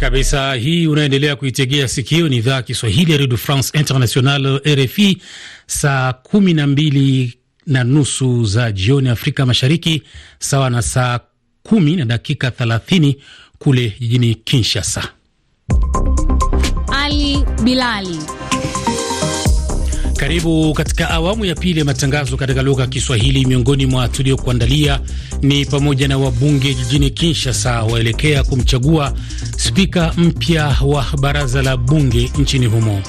kabisa. Hii unaendelea kuitegea sikio, ni idhaa ya Kiswahili ya redio France International, RFI. Saa kumi na mbili na nusu za jioni Afrika Mashariki, sawa na saa kumi na dakika thelathini kule jijini Kinshasa. Ali Bilali karibu katika awamu ya pili ya matangazo katika lugha ya Kiswahili. Miongoni mwa tuliokuandalia ni pamoja na wabunge jijini Kinshasa waelekea kumchagua spika mpya wa baraza la bunge nchini humo,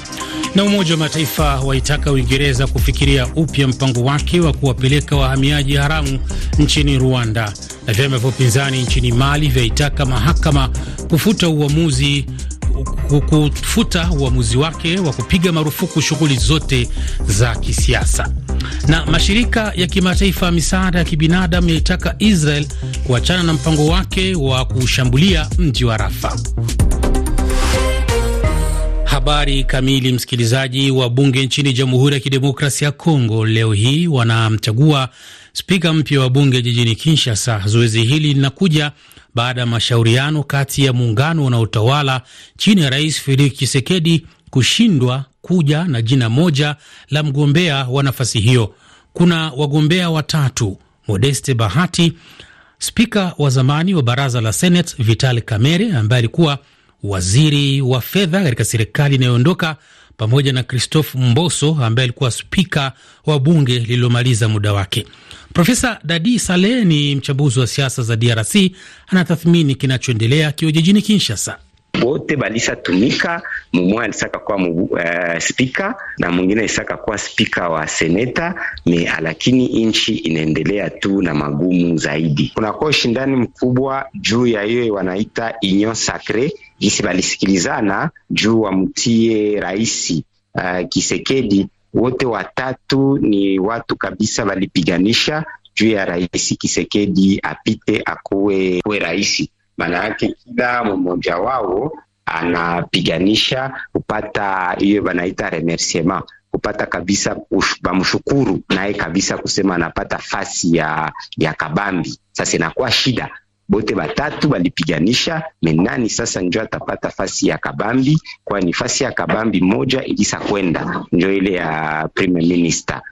na Umoja wa Mataifa waitaka Uingereza kufikiria upya mpango wake wa kuwapeleka wahamiaji haramu nchini Rwanda, na vyama vya upinzani nchini Mali vyaitaka mahakama kufuta uamuzi kufuta uamuzi wake wa kupiga marufuku shughuli zote za kisiasa. Na mashirika ya kimataifa ya misaada ya kibinadamu yaitaka Israel kuachana na mpango wake wa kushambulia mji wa Rafa. Habari kamili, msikilizaji. Wabunge nchini Jamhuri ya Kidemokrasia ya Kongo leo hii wanamchagua spika mpya wa bunge jijini Kinshasa. Zoezi hili linakuja baada ya mashauriano kati ya muungano unaotawala chini ya rais Felix chisekedi kushindwa kuja na jina moja la mgombea wa nafasi hiyo. Kuna wagombea watatu: Modeste Bahati, spika wa zamani wa baraza la Senate Vital Kamerhe ambaye alikuwa waziri wa fedha katika serikali inayoondoka pamoja na Christophe Mboso ambaye alikuwa spika wa bunge lililomaliza muda wake. Profesa Dadi Saleh ni mchambuzi wa siasa za DRC, anatathmini kinachoendelea akiwa jijini Kinshasa. Wote balishatumika mumwe alisaka kuwa uh, eh, spika na mwingine alisaka kuwa spika wa seneta me, lakini nchi inaendelea tu na magumu zaidi. Kunakuwa ushindani mkubwa juu ya hiyo wanaita union sacre jinsi walisikilizana juu wamtie rais uh, Kisekedi. Wote watatu ni watu kabisa walipiganisha juu ya rais Kisekedi apite akuwe kuwe rais. Maana yake kila mmoja wao anapiganisha kupata hiyo wanaita remerciement kupata kabisa bamshukuru naye kabisa kusema anapata fasi ya ya kabambi. Sasa inakuwa shida bote batatu balipiganisha menani, sasa njo atapata fasi ya kabambi, kwani fasi ya kabambi moja ilisa kwenda njo ile ya prime minister.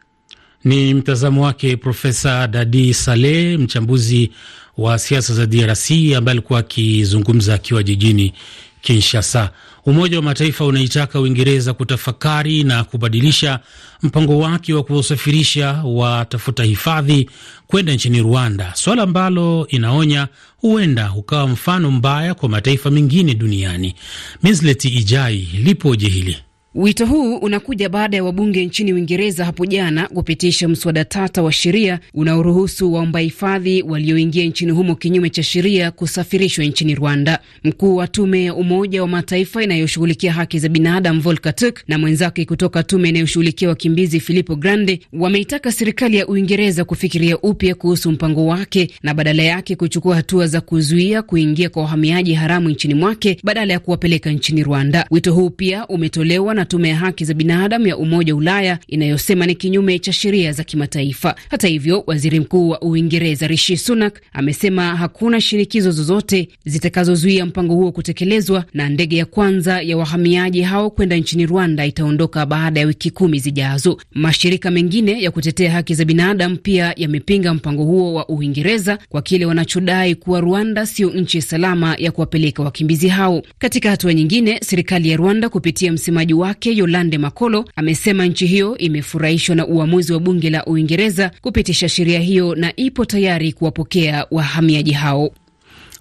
Ni mtazamo wake Profesa Dadi Saleh, mchambuzi wa siasa za DRC ambaye alikuwa akizungumza akiwa jijini Kinshasa. Umoja wa Mataifa unaitaka Uingereza kutafakari na kubadilisha mpango wake wa kuwasafirisha watafuta hifadhi kwenda nchini Rwanda, swala ambalo inaonya huenda ukawa mfano mbaya kwa mataifa mengine duniani. Misleti Ijai, lipoje hili? Wito huu unakuja baada ya wabunge nchini Uingereza hapo jana kupitisha mswada tata wa sheria unaoruhusu waomba hifadhi walioingia nchini humo kinyume cha sheria kusafirishwa nchini Rwanda. Mkuu wa tume ya Umoja wa Mataifa inayoshughulikia haki za binadamu Volker Turk na mwenzake kutoka tume inayoshughulikia wakimbizi Filippo Grandi wameitaka serikali ya Uingereza kufikiria upya kuhusu mpango wake na badala yake kuchukua hatua za kuzuia kuingia kwa wahamiaji haramu nchini mwake badala ya kuwapeleka nchini Rwanda. Wito huu pia umetolewa na tume ya haki za binadamu ya Umoja wa Ulaya inayosema ni kinyume cha sheria za kimataifa. Hata hivyo, waziri mkuu wa Uingereza Rishi Sunak amesema hakuna shinikizo zozote zitakazozuia mpango huo kutekelezwa na ndege ya kwanza ya wahamiaji hao kwenda nchini Rwanda itaondoka baada ya wiki kumi zijazo. Mashirika mengine ya kutetea haki za binadamu pia yamepinga mpango huo wa Uingereza kwa kile wanachodai kuwa Rwanda sio nchi salama ya kuwapeleka wakimbizi hao. Katika hatua nyingine, serikali ya Rwanda kupitia msemaji wa wake Yolande Makolo amesema nchi hiyo imefurahishwa na uamuzi wa bunge la Uingereza kupitisha sheria hiyo na ipo tayari kuwapokea wahamiaji hao.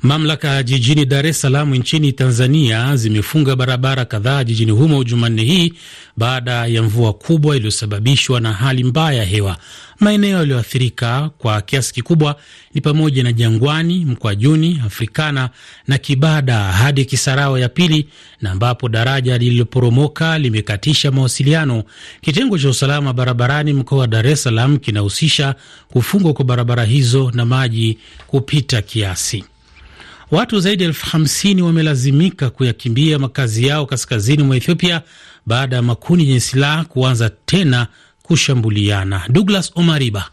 Mamlaka jijini Dar es Salaam nchini Tanzania zimefunga barabara kadhaa jijini humo Jumanne hii baada ya mvua kubwa iliyosababishwa na hali mbaya ya hewa. Maeneo yaliyoathirika kwa kiasi kikubwa ni pamoja na Jangwani, Mkwajuni, Afrikana na Kibada hadi Kisarawa ya pili, na ambapo daraja lililoporomoka limekatisha mawasiliano. Kitengo cha usalama barabarani mkoa wa Dar es Salaam kinahusisha kufungwa kwa barabara hizo na maji kupita kiasi. Watu zaidi ya elfu hamsini wamelazimika kuyakimbia makazi yao kaskazini mwa Ethiopia baada ya makundi yenye silaha kuanza tena kushambuliana. Douglas Omariba.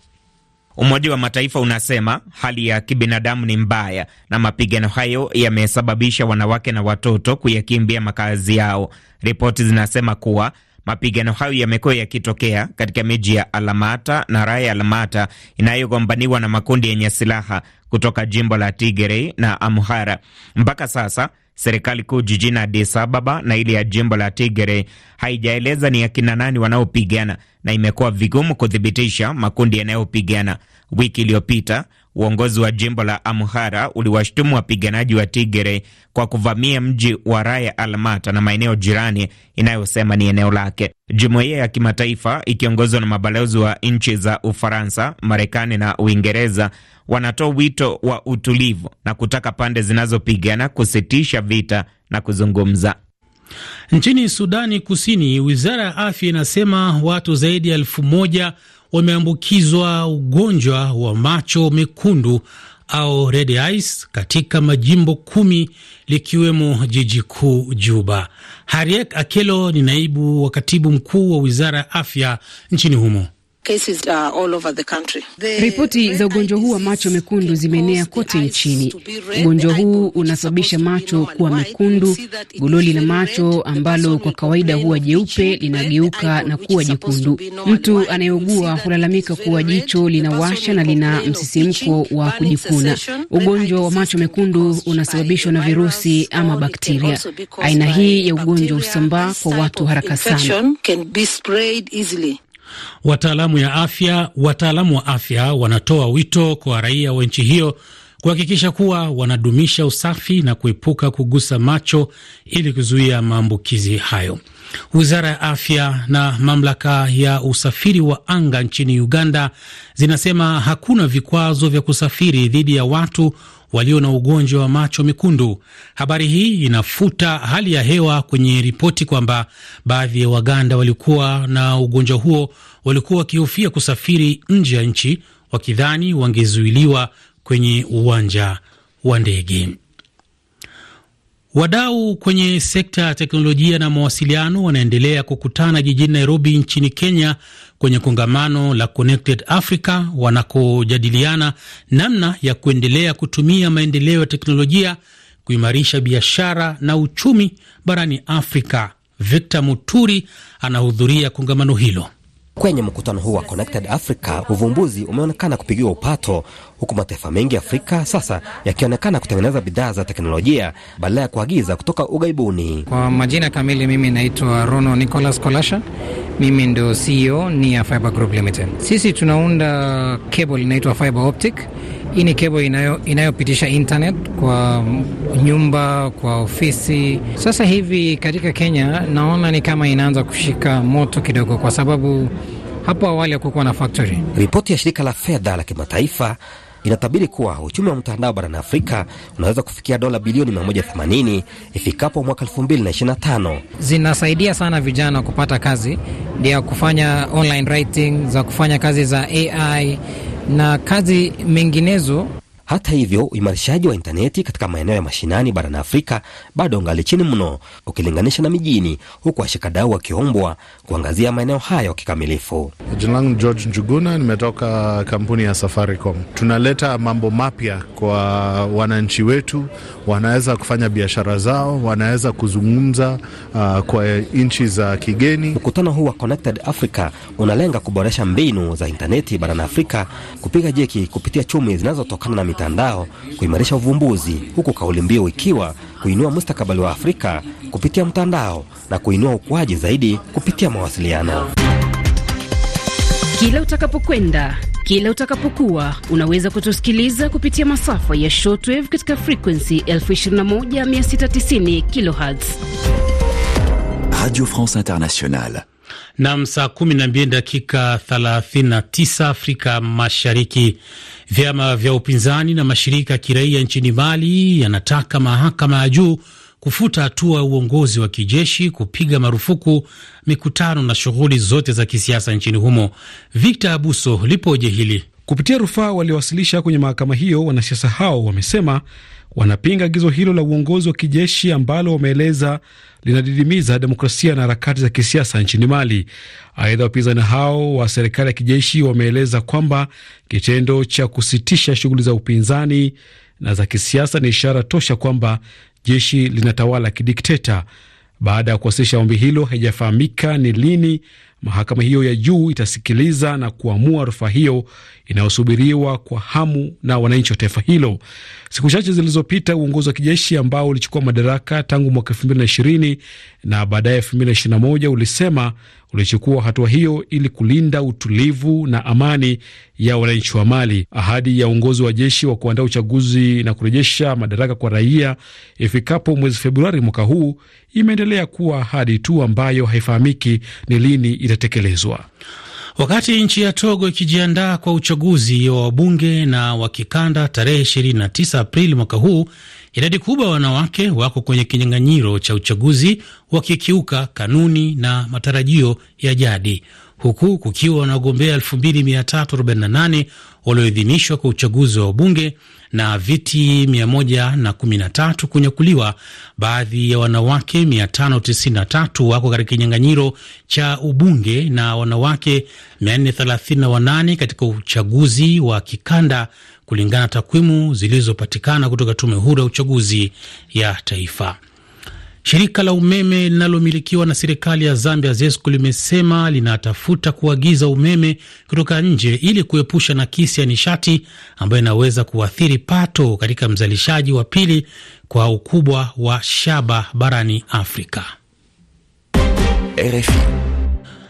Umoja wa Mataifa unasema hali ya kibinadamu ni mbaya na mapigano hayo yamesababisha wanawake na watoto kuyakimbia makazi yao. Ripoti zinasema kuwa Mapigano hayo yamekuwa yakitokea katika miji ya Alamata na Raya Alamata inayogombaniwa na makundi yenye silaha kutoka jimbo la tigrey na Amhara. Mpaka sasa serikali kuu jijini Addis Ababa na ile ya jimbo la tigrey haijaeleza ni akina nani wanaopigana na imekuwa vigumu kuthibitisha makundi yanayopigana. Wiki iliyopita Uongozi wa jimbo la Amhara uliwashtumu wapiganaji wa Tigere kwa kuvamia mji wa Raya Almata na maeneo jirani inayosema ni eneo lake. Jumuiya ya kimataifa ikiongozwa na mabalozi wa nchi za Ufaransa, Marekani na Uingereza wanatoa wito wa utulivu na kutaka pande zinazopigana kusitisha vita na kuzungumza. Nchini Sudani Kusini, wizara ya afya inasema watu zaidi ya elfu moja wameambukizwa ugonjwa wa macho mekundu au red eyes katika majimbo kumi likiwemo jiji kuu Juba. Hariek Akelo ni naibu wa katibu mkuu wa wizara ya afya nchini humo cases uh, all over the country. Ripoti za ugonjwa huu wa macho mekundu zimeenea kote nchini. Ugonjwa huu unasababisha macho kuwa mekundu. Gololi la macho ambalo kwa kawaida huwa jeupe linageuka na kuwa jekundu. Mtu anayeugua hulalamika kuwa jicho linawasha na lina msisimko wa kujikuna. Ugonjwa wa macho mekundu unasababishwa na virusi ama bakteria. Aina hii ya ugonjwa husambaa kwa watu haraka sana. Wataalamu ya afya wataalamu wa afya wanatoa wito kwa raia wa nchi hiyo kuhakikisha kuwa wanadumisha usafi na kuepuka kugusa macho ili kuzuia maambukizi hayo. Wizara ya afya na mamlaka ya usafiri wa anga nchini Uganda zinasema hakuna vikwazo vya kusafiri dhidi ya watu walio na ugonjwa wa macho mekundu. Habari hii inafuta hali ya hewa kwenye ripoti kwamba baadhi ya Waganda walikuwa na ugonjwa huo walikuwa wakihofia kusafiri nje ya nchi, wakidhani wangezuiliwa kwenye uwanja wa ndege. Wadau kwenye sekta ya teknolojia na mawasiliano wanaendelea kukutana jijini Nairobi nchini Kenya kwenye kongamano la Connected Africa wanakojadiliana namna ya kuendelea kutumia maendeleo ya teknolojia kuimarisha biashara na uchumi barani Afrika. Victor Muturi anahudhuria kongamano hilo. Kwenye mkutano huu wa Connected Africa, uvumbuzi umeonekana kupigiwa upato, huku mataifa mengi ya Afrika sasa yakionekana kutengeneza bidhaa za teknolojia badala ya kuagiza kutoka ughaibuni. Kwa majina kamili, mimi naitwa Rono Nicolas Kolasha. Mimi ndio CEO ni ya Fiber Group Limited. Sisi tunaunda cable inaitwa fiber optic. Hii ni cable inayo inayopitisha internet kwa nyumba, kwa ofisi. Sasa hivi katika Kenya naona ni kama inaanza kushika moto kidogo, kwa sababu hapo awali hakukuwa na factory. Ripoti ya shirika la fedha la kimataifa inatabiri kuwa uchumi wa mtandao barani Afrika unaweza kufikia dola bilioni 180 ifikapo mwaka 2025. Zinasaidia sana vijana kupata kazi ya kufanya online writing, za kufanya kazi za AI na kazi menginezo. Hata hivyo, uimarishaji wa intaneti katika maeneo ya mashinani barani Afrika bado ngali chini mno ukilinganisha na mijini, huku washikadau wakiombwa kuangazia maeneo hayo kikamilifu. Jina langu George Njuguna, nimetoka kampuni ya Safaricom. Tunaleta mambo mapya kwa wananchi wetu, wanaweza kufanya biashara zao, wanaweza kuzungumza uh, kwa nchi za kigeni. Mkutano huu wa Connected Africa unalenga kuboresha mbinu za intaneti barani Afrika kupiga jeki kupitia chumi zinazotokana na mitandao kuimarisha uvumbuzi, huku kauli mbiu ikiwa kuinua mustakabali wa Afrika kupitia mtandao na kuinua ukuaji zaidi kupitia mawasiliano. Kila utakapokwenda kila utakapokuwa unaweza kutusikiliza kupitia masafa ya shortwave katika frequency 21690 kilohertz. Radio France Internationale. Nam, saa kumi na mbili dakika thelathini na tisa Afrika Mashariki. Vyama vya upinzani na mashirika ya kiraia nchini Mali yanataka mahakama ya juu kufuta hatua ya uongozi wa kijeshi kupiga marufuku mikutano na shughuli zote za kisiasa nchini humo. Victor Abuso, lipoje hili? Kupitia rufaa waliowasilisha kwenye mahakama hiyo, wanasiasa hao wamesema wanapinga agizo hilo la uongozi wa kijeshi ambalo wameeleza linadidimiza demokrasia na harakati za kisiasa nchini Mali. Aidha, wapinzani hao wa serikali ya kijeshi wameeleza kwamba kitendo cha kusitisha shughuli za upinzani na za kisiasa ni ishara tosha kwamba jeshi linatawala kidikteta. Baada ya kuwasilisha ombi hilo, haijafahamika ni lini Mahakama hiyo ya juu itasikiliza na kuamua rufaa hiyo inayosubiriwa kwa hamu na wananchi wa taifa hilo. Siku chache zilizopita, uongozi wa kijeshi ambao ulichukua madaraka tangu mwaka elfu mbili na ishirini na baadaye 2021 ulisema ulichukua hatua hiyo ili kulinda utulivu na amani ya wananchi wa Mali. Ahadi ya uongozi wa jeshi wa kuandaa uchaguzi na kurejesha madaraka kwa raia ifikapo mwezi Februari mwaka huu imeendelea kuwa ahadi tu ambayo haifahamiki ni lini itatekelezwa. Wakati nchi ya Togo ikijiandaa kwa uchaguzi wa wabunge na wakikanda tarehe 29 Aprili mwaka huu, Idadi kubwa ya wanawake wako kwenye kinyang'anyiro cha uchaguzi wakikiuka kanuni na matarajio ya jadi, huku kukiwa na wagombea 2348 walioidhinishwa kwa uchaguzi wa ubunge na viti 113 kunyakuliwa. Baadhi ya wanawake 593 wako katika kinyang'anyiro cha ubunge na wanawake 438 katika uchaguzi wa kikanda kulingana na takwimu zilizopatikana kutoka Tume Huru ya Uchaguzi ya Taifa. Shirika la umeme linalomilikiwa na serikali ya Zambia, ZESCO, limesema linatafuta kuagiza umeme kutoka nje ili kuepusha nakisi ya nishati ambayo inaweza kuathiri pato katika mzalishaji wa pili kwa ukubwa wa shaba barani Afrika. RFI.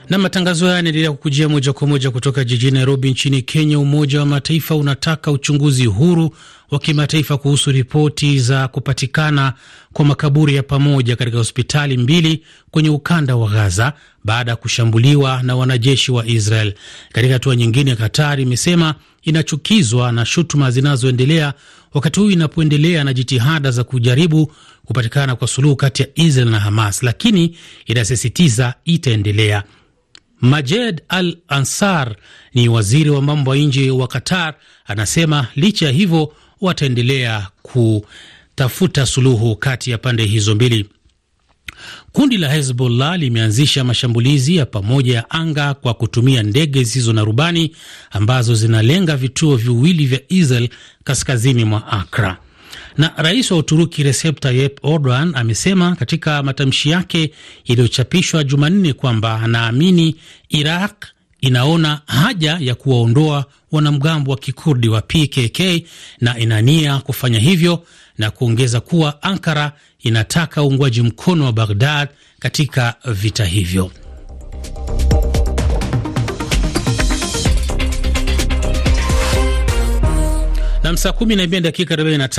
Na matangazo haya yanaendelea kukujia moja kwa moja kutoka jijini Nairobi nchini Kenya. Umoja wa Mataifa unataka uchunguzi huru wa kimataifa kuhusu ripoti za kupatikana kwa makaburi ya pamoja katika hospitali mbili kwenye ukanda wa Gaza baada ya kushambuliwa na wanajeshi wa Israel. Katika hatua nyingine, Katari imesema inachukizwa na shutuma zinazoendelea wakati huu inapoendelea na jitihada za kujaribu kupatikana kwa suluhu kati ya Israel na Hamas, lakini inasisitiza itaendelea Majed Al Ansar ni waziri wa mambo ya nje wa Qatar, anasema licha ya hivyo wataendelea kutafuta suluhu kati ya pande hizo mbili. Kundi la Hezbollah limeanzisha mashambulizi ya pamoja ya anga kwa kutumia ndege zisizo na rubani ambazo zinalenga vituo viwili vya Israel kaskazini mwa Akra. Na rais wa Uturuki Recep Tayyip Erdogan amesema katika matamshi yake yaliyochapishwa Jumanne kwamba anaamini Iraq inaona haja ya kuwaondoa wanamgambo wa kikurdi wa PKK na ina nia kufanya hivyo, na kuongeza kuwa Ankara inataka uungwaji mkono wa Baghdad katika vita hivyo. na saa 12 dakika